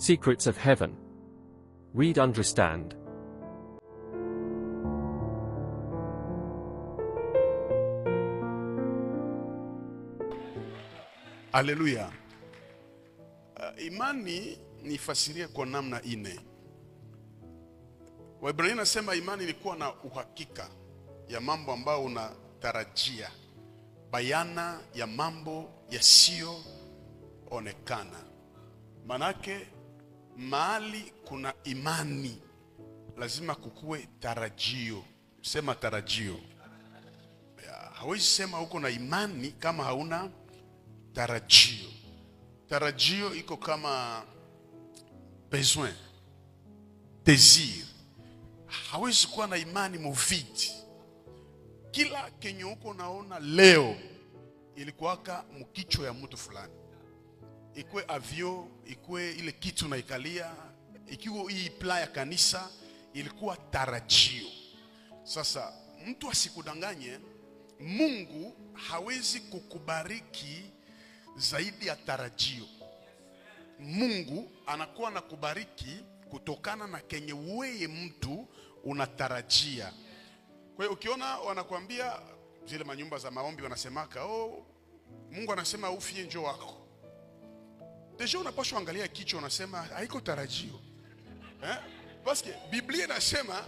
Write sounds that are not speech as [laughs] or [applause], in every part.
Secrets of Heaven. Read Understand. aleluya Uh, imani nifasiria kwa namna ine. waibrani nasema imani ni kuwa na uhakika ya mambo ambayo unatarajia, bayana ya mambo yasiyoonekana. Manake mahali kuna imani lazima kukuwe tarajio. Sema tarajio. Hawezi sema uko na imani kama hauna tarajio. Tarajio iko kama besoin, desir. Hawezi kuwa na imani muviti. Kila kenye uko naona leo ilikuwaka mkichwa ya mtu fulani ikuwe avyo, ikuwe ile kitu naikalia, ikiwa hii pla ya kanisa ilikuwa tarajio. Sasa mtu asikudanganye, Mungu hawezi kukubariki zaidi ya tarajio. Mungu anakuwa na kubariki kutokana na kenye weye mtu unatarajia. Kwa hiyo ukiona wanakuambia zile manyumba za maombi wanasemaka, oh, Mungu anasema ufie njoo wako Deja unapashwa angalia kichwa, unasema haiko tarajio eh? Paske Biblia inasema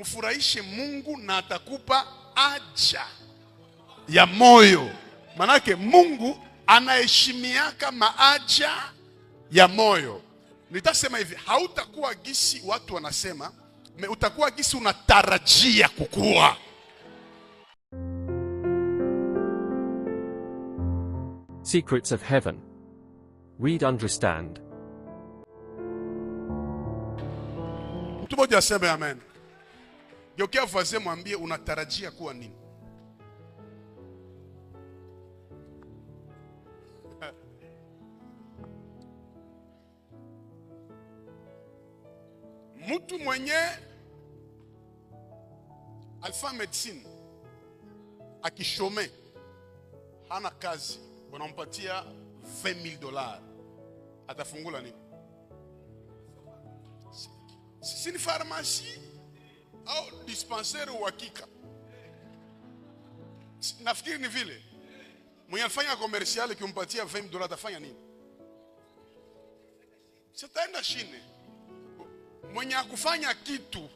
mfurahishe Mungu na atakupa haja ya moyo. Manake Mungu anaheshimiaka maaja ya moyo. Nitasema hivi, hautakuwa gisi watu wanasema, utakuwa gisi unatarajia kukua. Secrets of Heaven Read understand. Mtu mmoja aseme amen. Geukia mfazee mwambie unatarajia kuwa nini? [laughs] Mtu mwenye alfa medicine akishome hana kazi, wanampatia 20000 dollars atafungula nini? Si ni farmasi au dispenseri uhakika? Nafikiri ni vile mwenye alifanya komersiali, kiumpatia 20 dola atafanya nini? Sitaenda shine. Mwenye akufanya kitu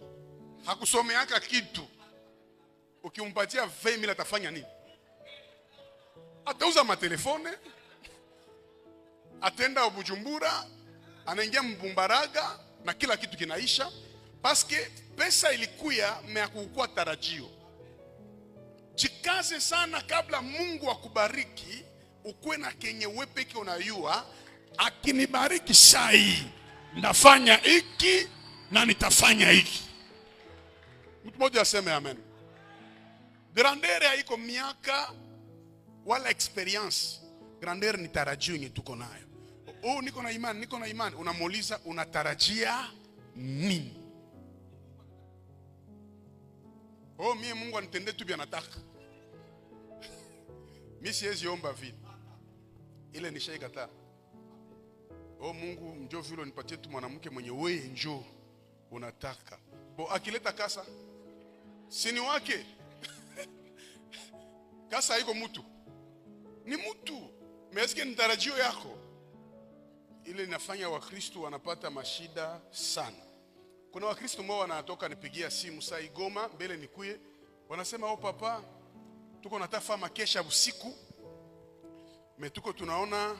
hakusomeaka kitu, ukimpatia 20 atafanya nini? Atauza matelefone ataenda Bujumbura, anaingia Mbumbaraga na kila kitu kinaisha, paske pesa ilikuya meakuukua tarajio. Jikaze sana kabla Mungu akubariki, ukuwe na kenye wepeke unayua, akinibariki sai ndafanya hiki na nitafanya hiki. Mtu mmoja aseme amen. Grandeur haiko miaka wala experience. Grandeur ni tarajio yenye tuko nayo oh, niko na imani, niko na imani, unamuuliza unatarajia nini? Oh, mie Mungu anitendee tu vyanataka [laughs] mi siwezi omba vile ile nishaikataa. Oh, Mungu njo vile nipatie tu mwanamke mwenye wewe njo unataka bo, oh, akileta kasa sini wake [laughs] kasa iko mutu ni mutu meske ni tarajio yako ile inafanya Wakristo wanapata mashida sana. Kuna Wakristo ambao wanatoka nipigia simu saa Igoma mbele nikuye, wanasema oh, papa, tuko natafa makesha usiku metuko, tunaona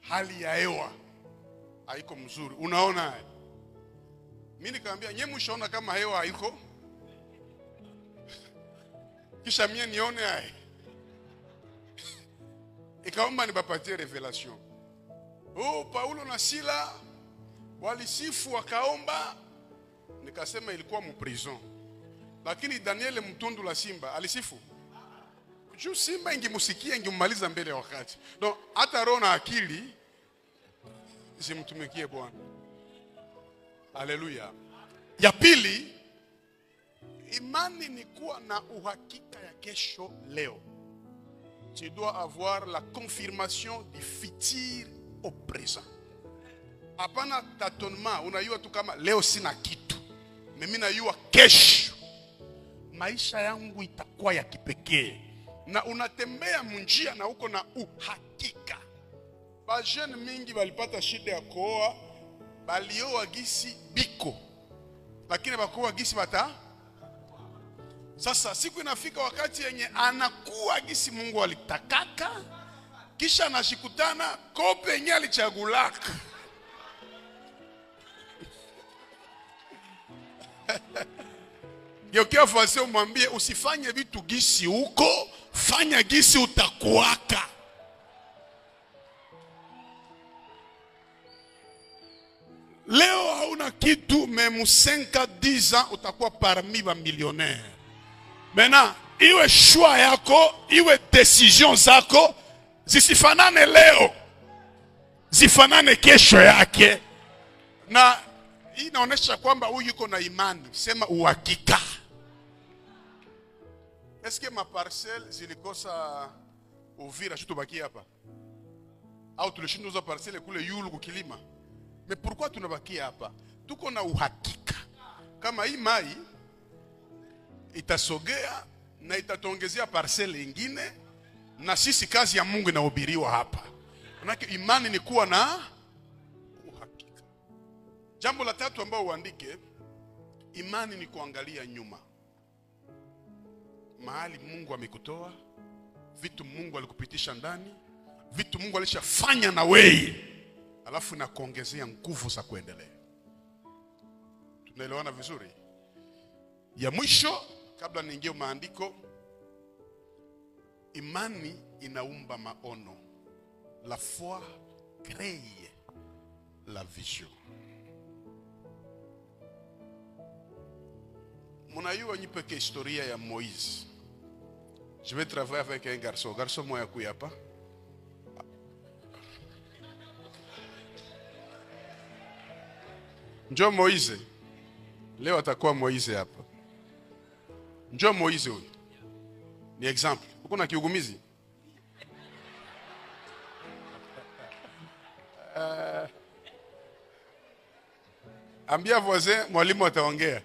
hali ya hewa haiko mzuri, unaona. Mimi nikamwambia nyie, mshaona kama hewa haiko [laughs] kisha mie nione aye [laughs] ikaomba nibapatie revelation oh, Paulo na Sila walisifu wakaomba, nikasema ilikuwa muprison. Lakini Daniel Mtundu la Simba alisifu juu Simba ingimusikia ingemaliza mbele ya wakati. Don hata roho na akili zimtumikie Bwana. Haleluya. Ya pili, imani ni kuwa na uhakika ya kesho leo. Tu dois avoir la confirmation du futur au présent. Hapana tatonma, unayua tu kama leo sina kitu, mimi nayua kesho maisha yangu itakuwa ya kipekee, na unatembea munjia na uko na uhakika. Bajene mingi balipata shida ya kuoa, balioa gisi biko, lakini bakuoa gisi bata sasa siku inafika wakati yenye anakuwa gisi Mungu alitakaka kisha nashikutana kope yenye alichagulaka [laughs] geukia fasi umwambie usifanye vitu gisi huko, fanya gisi utakuwaka. Leo hauna kitu, memusenka diza utakuwa parmi ba Mena iwe shwa yako, iwe decision zako zisifanane leo, zifanane kesho yake, na hii inaonyesha kwamba huyu yuko na imani, sema uhakika. Eske maparcel zilikosa Uvira shu tubaki hapa au tulishinda uza parcele kule yulu kukilima? Me pourquoi tunabakia hapa? Tuko na uhakika kama hii mai itasogea na itatongezea parcele ingine na sisi kazi ya Mungu inahubiriwa hapa. Manake imani ni kuwa na uhakika. Jambo la tatu ambao uandike, imani ni kuangalia nyuma, mahali Mungu amekutoa, vitu Mungu alikupitisha ndani, vitu Mungu alishafanya na wewe, alafu na kuongezea nguvu za kuendelea. Tunaelewana vizuri? Ya mwisho kabla niingie maandiko Imani inaumba la foi crée la vision. Mnajua peke historia ya Moïse. Je vais travailler avec un garçon, garçon moya kuyapa Njo Moise. Leo atakuwa Moïse. hapa. Njo Moise huyu. Ni example uko na kiugumizi uh, ambia voisin mwalimu ataongea.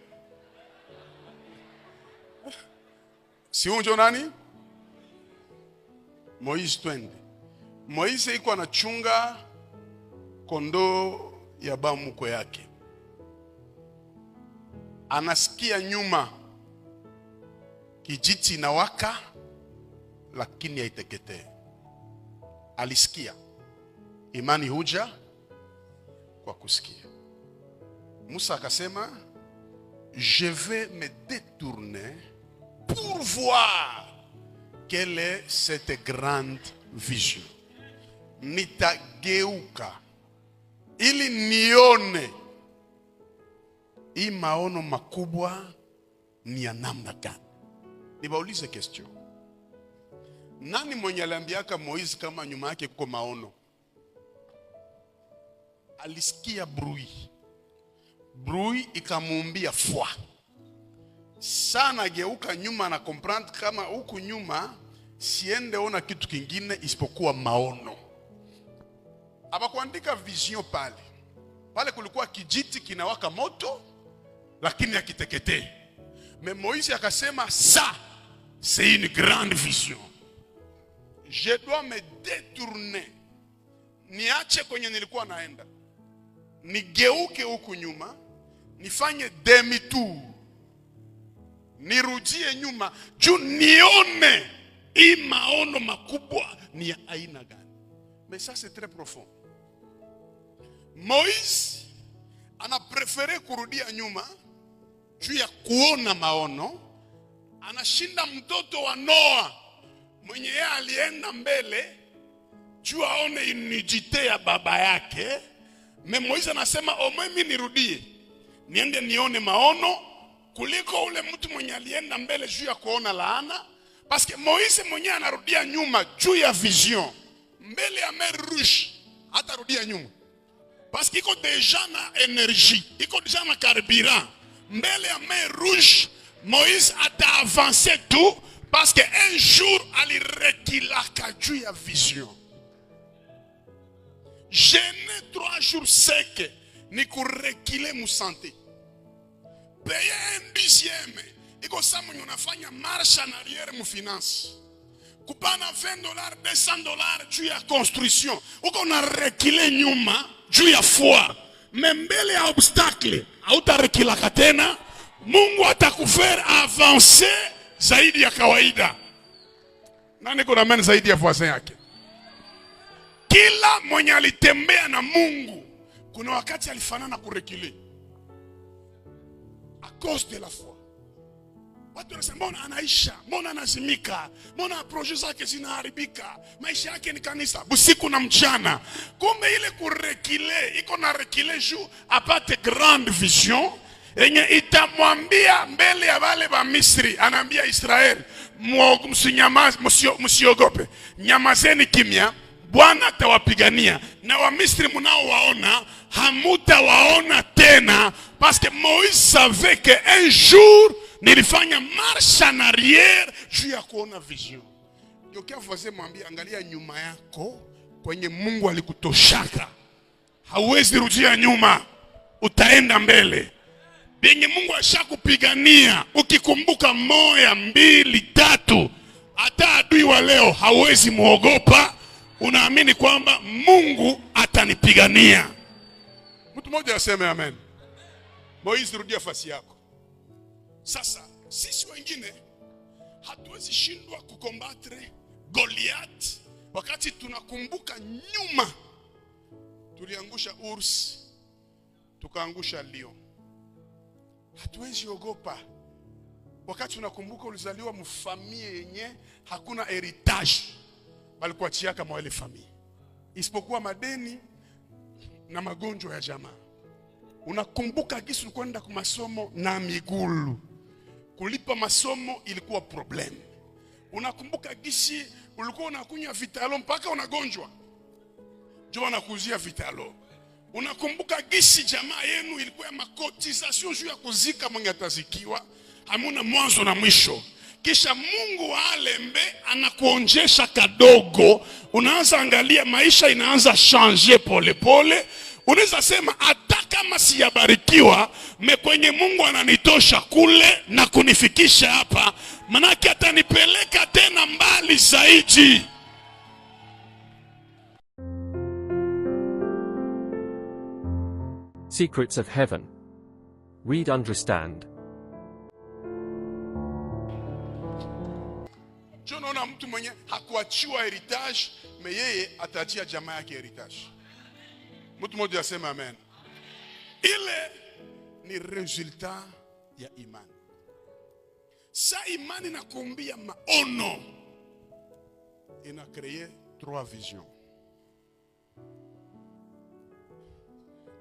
Si unjo nani? Moise, twende. Moise iko anachunga kondoo ya bamuko yake, anasikia nyuma kijiti na waka La lakini haiteketee. Alisikia. Imani huja kwa kusikia. Musa akasema je vais me détourner pour voir quelle est cette grande vision. Nitageuka ili nione hii maono makubwa ni ya namna gani. Nani mwenye aliambiaka moise kama nyuma yake kuko maono? Alisikia brui, brui ikamwambia fwa sana, geuka nyuma na comprendre kama huku nyuma siende ona kitu kingine isipokuwa maono. Abakuandika vision pale pale, kulikuwa kijiti kinawaka moto lakini akiteketee. Me moise akasema sa c'est une grande vision je dois me détourner, niache kwenye nilikuwa naenda, nigeuke huku nyuma, nifanye demi tu nirudie nyuma juu nione hii maono makubwa ni ya aina gani. Mais ça c'est très profond. Moïse anaprefere kurudia nyuma juu ya kuona maono, anashinda mtoto wa Noa mwenye yeye alienda mbele juu aone inijite ya baba yake. Me Moise anasema omwe, oh, mimi nirudie niende nione maono kuliko ule mtu mwenye alienda mbele juu ya kuona laana, paske Moise mwenyewe anarudia nyuma juu ya vision mbele ya mer rouge, hata rudia nyuma paske iko deja na energie, iko deja na carburant mbele ya mer rouge. Moise ata avancer tu Parce qu'un jour, Rekila Kadju a vision. J'ai trois jours secs, nikurekile santé. Payer un dixième, et comme ça, on faire une marche en arrière, mon finance. Kupana 20 dollars, 200 dollars, tu as construction. Ou qu'on a rekile nyuma, tu as foi. Mais mbele un obstacle, hautarekilaka tena, Mungu atakufera avancer zaidi ya kawaida. Nani kuna meni zaidi ya fuasa yake? Kila mwenye alitembea na Mungu kuna wakati alifanana kurekile a cause de la foi. Watu wanasema mbona anaisha, mbona anazimika, mbona projet zake zinaharibika, maisha yake ni kanisa busiku na mchana. Kumbe ile kurekile iko na rekile juu apate grande vision yenye itamwambia mbele ya wale wa Misri, anaambia Israeli, msiogope, nyamazeni kimya, Bwana atawapigania na Wamisri mnaowaona hamutawaona tena, paske Moise savait que un jour nilifanya marche en arrière juu ya kuona vision. Yokia voisin mwambie, angalia nyuma yako kwenye Mungu alikutoshaka, hauwezi rudia nyuma, utaenda mbele vyenye Mungu ashakupigania, ukikumbuka moya mbili tatu, hata adui wa leo hawezi muogopa. Unaamini kwamba Mungu atanipigania. Mtu mmoja aseme amen. Moizi, rudia fasi yako. Sasa sisi wengine hatuwezi shindwa kukombatre Goliath wakati tunakumbuka nyuma tuliangusha urs tukaangusha lion. Hatuwezi ogopa wakati unakumbuka ulizaliwa mfamie yenye hakuna heritage, walikuachia kama wale famie, isipokuwa madeni na magonjwa ya jamaa. Unakumbuka gisi ulikwenda kwa masomo na migulu, kulipa masomo ilikuwa problem. Unakumbuka gisi ulikuwa unakunywa vitalo mpaka unagonjwa, jua nakuzia vitalo Unakumbuka gisi jamaa yenu ilikuwa ya makotizasio juu ya kuzika mwenye atazikiwa, hamuna mwanzo na mwisho. Kisha Mungu wa alembe anakuonjesha kadogo, unaanza angalia, maisha inaanza changer polepole. Unaweza sema hata kama siyabarikiwa, me kwenye Mungu ananitosha kule na kunifikisha hapa, manake atanipeleka tena mbali zaidi. Secrets of Heaven. Read Understand. Tunaona mtu mwenye hakuachiwa heritage, me yeye ataachia jamaa yake heritage. Mtu mmoja asema amen. Ile ni resulta ya imani. Sa imani nakuambia maono inakree trois visions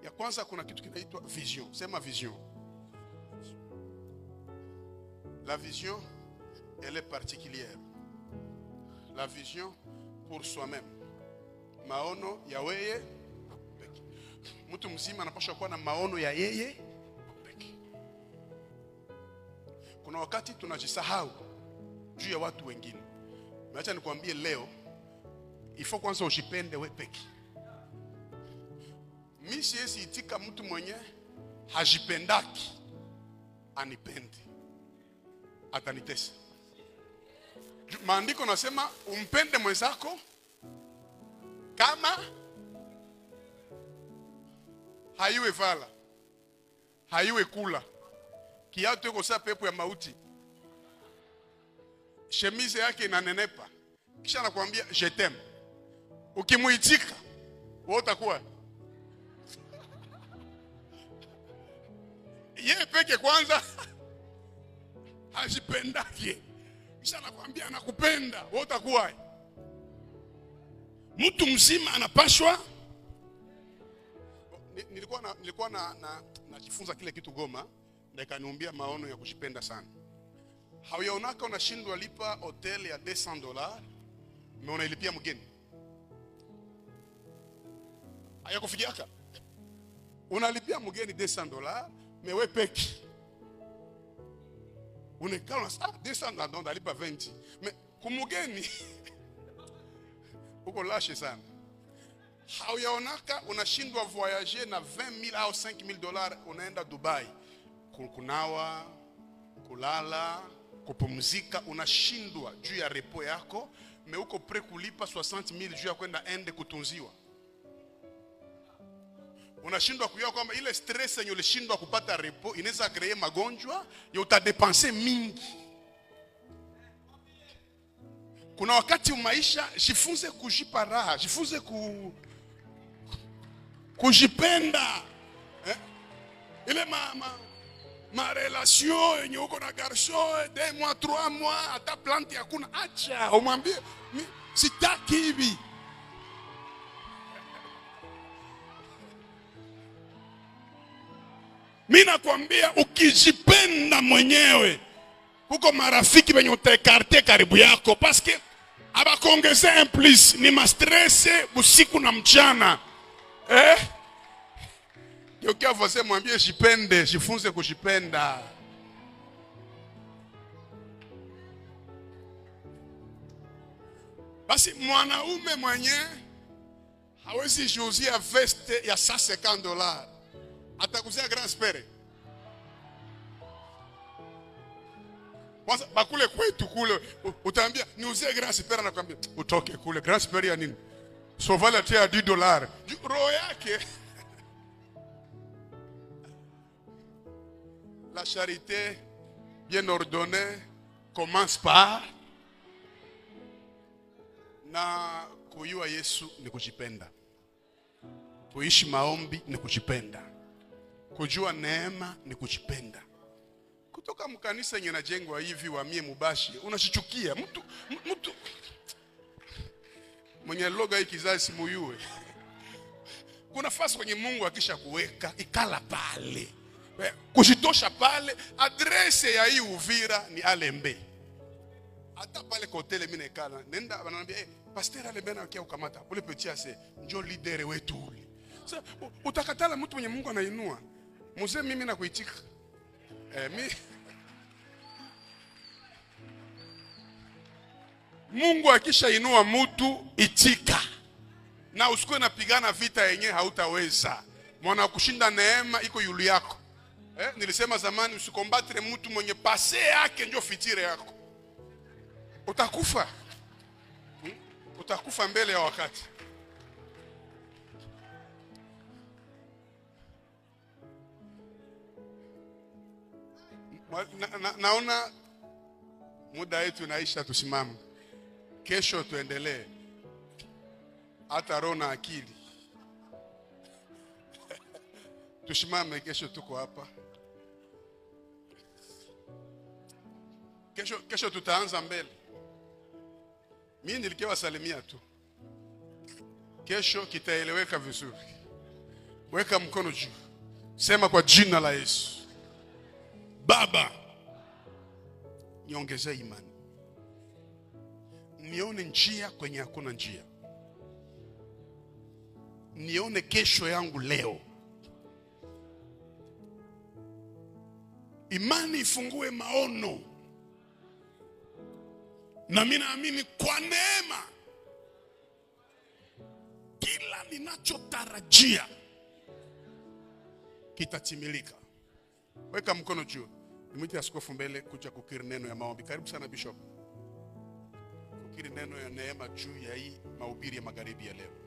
ya kwanza kuna vision. vision. La vision, elle est particulière. La vision pour soi-même, maono ya weye peke. Mtu mzima anapaswa kuwa na maono ya yeye peke. wakati tunajisahau juu ya watu wengine. Acha nikwambie leo, ifo kwanza misi yesi itika mtu mwenye hajipendaki anipende, atanitesa. Maandiko nasema umpende mwenzako kama haiwe vala haiwe kula kiatu iko saa pepo ya mauti, shemize yake inanenepa, kisha nakwambia je t'aime. Ukimuitika wewe utakuwa yeye peke kwanza [laughs] hajipendake, kisha anakwambia anakupenda wewe, utakuwa mtu mzima anapashwa. Nilikuwa na, nilikuwa na, na, najifunza kile kitu Goma na ikaniumbia maono ya kujipenda sana. Hauyaonaka unashindwa lipa hotel ya 200 dollars umeona ilipia mgeni hayakufikiaka, unalipia mgeni 200 dollars Mais ouais, pec. Unakaa ah, unasema descendre là-dedans ndalipa 20. Mais kumugeni uko [laughs] lashe sana, hauyaonaka unashindwa voyager na 20000 au 5000 dollars, unaenda Dubai kunawa, kulala, kupumzika, unashindwa juu ya repo yako, me uko pre kulipa 60000 juu ya kwenda ende kutunziwa unashindwa kujua kwamba ile stress yenye ulishindwa kupata repo inaweza kree magonjwa ya utadepanse mingi. Kuna wakati maisha, jifunze kujipa raha, jifunze ku kujipenda eh? ile ma, ma, relation yenye uko na garson de mois trois mois, hata plante hakuna, acha umwambie sitaki hivi mi nakwambia ukijipenda mwenyewe kuko marafiki wenye utekarte karibu yako paske abakongeze implice ni mastrese busiku na mchana eh? Geukia mwambie jipende, jifunze kujipenda. Basi mwanaume mwenye hawezi jiuzia veste ya 150 dollars atakuzia grand spere kwanza bakule kwetu kule, utaambia niuzie grand spere, nakwambia utoke kule. Grand spere ya nini? sovala te ya 10 dollars, roho yake [laughs] la charité bien ordonnée commence par na kuyua Yesu ni kujipenda, kuishi maombi ni kujipenda Kujua neema ni kujipenda. Kutoka mkanisa yenye najengwa hivi wamie mubashi, unachichukia mtu mtu mwenye loga hii kizazi simuyue. Kuna nafasi kwenye Mungu akisha kuweka ikala pale, eh, kushitosha pale. Adrese ya hii Uvira ni Alembe, hata pale kotele mimi naikala nenda, wananiambia eh, pastor Alembe anakia ukamata ule petit ase, njoo leader wetu ule. Sasa utakatala mtu mwenye Mungu anainua Mzee mimi nakuitika. Eh, mi Mungu akishainua mtu itika, na usikuwe napigana vita yenye hautaweza. Mwana kushinda neema iko yulu yako. Eh, nilisema zamani usikombatire mtu mwenye pase yake ndio fitire yako, utakufa hmm? Utakufa mbele ya wakati. na, na, naona muda wetu naisha, tusimame kesho tuendelee, hata roho na akili [laughs] tusimame kesho, tuko hapa kesho. Kesho tutaanza mbele. Mimi nilikiwasalimia tu, kesho kitaeleweka vizuri. Weka mkono juu, sema kwa jina la Yesu Baba, niongezee imani, nione njia kwenye hakuna njia, nione kesho yangu leo. Imani ifungue maono, na mimi naamini kwa neema, kila ninachotarajia kitatimilika. Weka mkono juu, nimwite askofu mbele kuja kukiri neno ya maombi. Karibu sana Bishop, kukiri neno ya neema juu ya hii mahubiri ya magharibi ya leo.